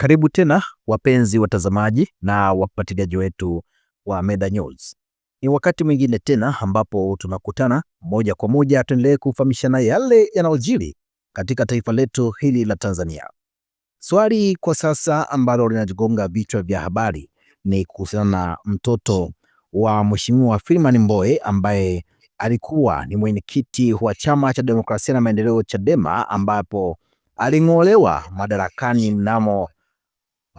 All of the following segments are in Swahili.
Karibu tena wapenzi watazamaji na wafuatiliaji wetu wa Meda News. Ni wakati mwingine tena ambapo tunakutana moja kwa moja, tuendelee kufahamishana yale yanayojiri katika taifa letu hili la Tanzania. Swali kwa sasa ambalo linajigonga vichwa vya habari ni kuhusiana na mtoto wa Mheshimiwa Freeman Mbowe ambaye alikuwa ni mwenyekiti wa Chama cha Demokrasia na Maendeleo, Chadema, ambapo aling'olewa madarakani mnamo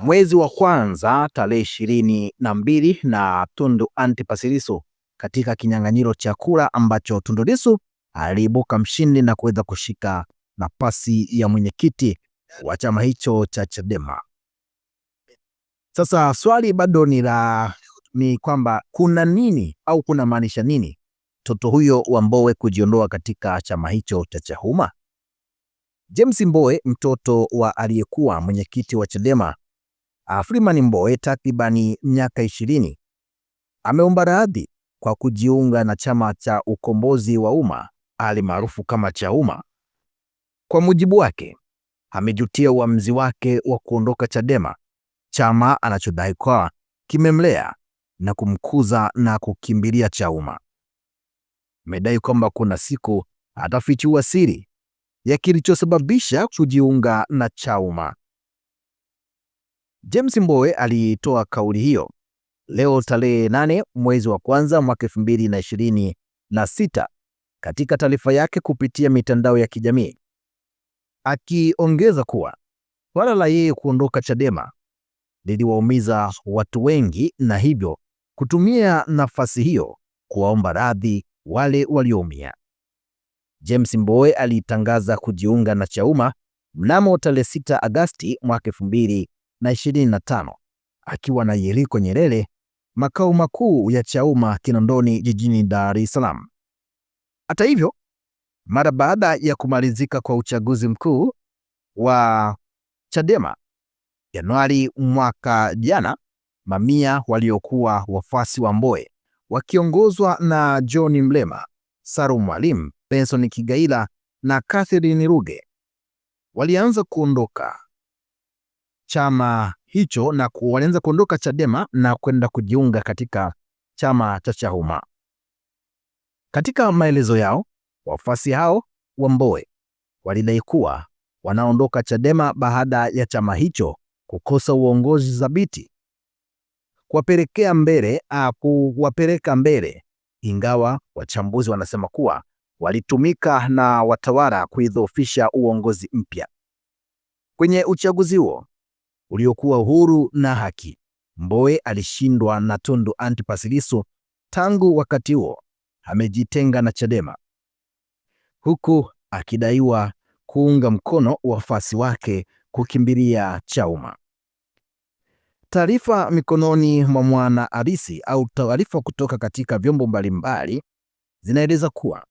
mwezi wa kwanza tarehe ishirini na mbili na Tundu Antipas Lissu katika kinyang'anyiro cha kura ambacho Tundu Lissu aliibuka mshindi na kuweza kushika nafasi ya mwenyekiti wa chama hicho cha Chadema. Sasa swali bado ni la ni kwamba kuna nini au kuna maanisha nini mtoto huyo wa Mbowe kujiondoa katika chama hicho cha Chauma? James Mbowe mtoto wa aliyekuwa mwenyekiti wa Chadema afriman ah, Freeman Mbowe takribani miaka ishirini ameomba radhi kwa kujiunga na chama cha ukombozi wa umma alimaarufu kama umma Kwa mujibu wake, amejutia uamuzi wake wa kuondoka Chadema, chama anachodai kwa kimemlea na kumkuza na kukimbilia Chaumma. Amedai kwamba kuna siku atafichua siri ya kilichosababisha kujiunga na Chauma. James Mbowe alitoa kauli hiyo leo tarehe nane mwezi wa kwanza mwaka sita katika taarifa yake kupitia mitandao ya kijamii, akiongeza kuwa swala la yeye kuondoka Chadema liliwaumiza watu wengi na hivyo kutumia nafasi hiyo kuwaomba radhi wale walioumia. James Mbowe alitangaza kujiunga na Chauma mnamo tarehe 6 Agasti mwaka na ishirini na tano akiwa na Yeriko Nyerere makao makuu ya Chauma Kinondoni jijini Dar es Salaam. Hata hivyo, mara baada ya kumalizika kwa uchaguzi mkuu wa Chadema Januari mwaka jana, mamia waliokuwa wafuasi wa Mbowe wakiongozwa na John Mlema, Salum Mwalimu, Benson Kigaila na Catherine Ruge walianza kuondoka chama hicho na walianza kuondoka Chadema na kwenda kujiunga katika chama cha Chauma. Katika maelezo yao, wafuasi hao wa Mbowe walidai kuwa wanaondoka Chadema baada ya chama hicho kukosa uongozi thabiti kuwapelekea mbele a kuwapeleka mbele, ingawa wachambuzi wanasema kuwa walitumika na watawala kuidhoofisha uongozi mpya. Kwenye uchaguzi huo uliokuwa huru na haki. Mbowe alishindwa na Tundu Antipas Lissu. Tangu wakati huo amejitenga na Chadema huku akidaiwa kuunga mkono wafuasi wake kukimbilia Chauma. Taarifa mikononi mwa mwana arisi au taarifa kutoka katika vyombo mbalimbali zinaeleza kuwa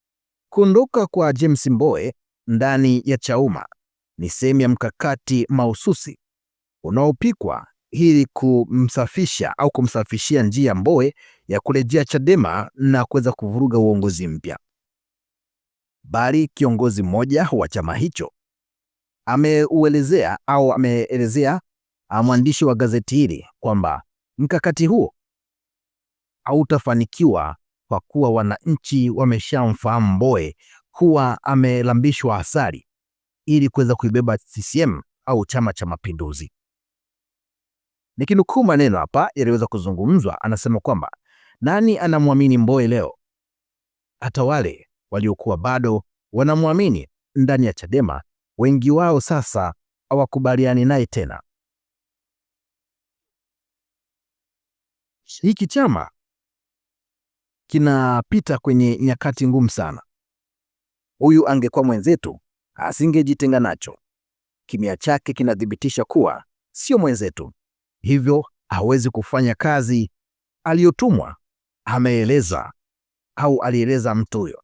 kuondoka kwa James Mbowe ndani ya Chauma ni sehemu ya mkakati mahususi unaopikwa ili kumsafisha au kumsafishia njia Mbowe ya kurejea Chadema na kuweza kuvuruga uongozi mpya, bali kiongozi mmoja wa chama hicho ameuelezea au ameelezea mwandishi wa gazeti hili kwamba mkakati huo hautafanikiwa kwa kuwa wananchi wameshamfahamu Mbowe kuwa amelambishwa asari ili kuweza kuibeba CCM au Chama cha Mapinduzi. Nikinukuu maneno hapa yaliweza kuzungumzwa, anasema kwamba nani anamwamini Mbowe leo? Hata wale waliokuwa bado wanamwamini ndani ya Chadema, wengi wao sasa hawakubaliani naye tena. Hiki chama kinapita kwenye nyakati ngumu sana. Huyu angekuwa mwenzetu asingejitenga nacho. Kimya chake kinathibitisha kuwa sio mwenzetu hivyo hawezi kufanya kazi aliyotumwa, ameeleza au alieleza mtu huyo.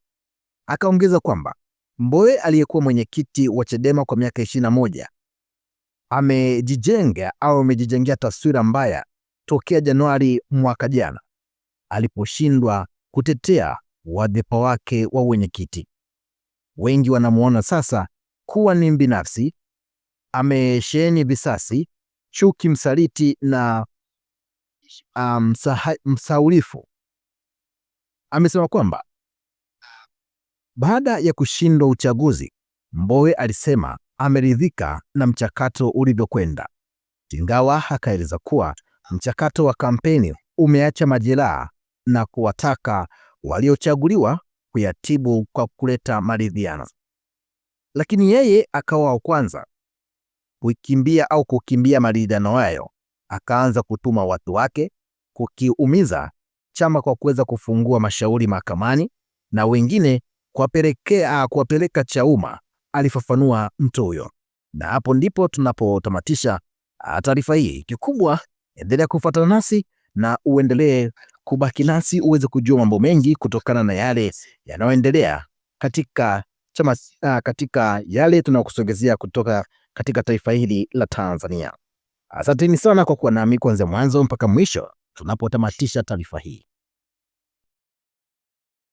Akaongeza kwamba Mbowe aliyekuwa mwenyekiti wa Chadema kwa miaka 21 amejijenga au amejijengea taswira mbaya tokea Januari mwaka jana aliposhindwa kutetea wadhifa wake wa uwenyekiti. Wengi wanamwona sasa kuwa ni mbinafsi, amesheheni visasi chuki, msaliti na um, msaulifu. Amesema kwamba baada ya kushindwa uchaguzi, Mbowe alisema ameridhika na mchakato ulivyokwenda, ingawa akaeleza kuwa mchakato wa kampeni umeacha majeraha na kuwataka waliochaguliwa kuyatibu kwa kuleta maridhiano, lakini yeye akawa wa kwanza kuikimbia au kukimbia maridhiano hayo, akaanza kutuma watu wake kukiumiza chama kwa kuweza kufungua mashauri mahakamani na wengine kuwapelekea ah, kuwapeleka Chauma, alifafanua mtu huyo. Na hapo ndipo tunapotamatisha ah, taarifa hii. Kikubwa, endelea kufuatana nasi na uendelee kubaki nasi uweze kujua mambo mengi kutokana na yale yanayoendelea katika chama, ah, katika yale tunayokusogezea kutoka katika taifa hili la Tanzania. Asanteni sana kwa kuwa nami kuanzia mwanzo mpaka mwisho tunapotamatisha taarifa hii.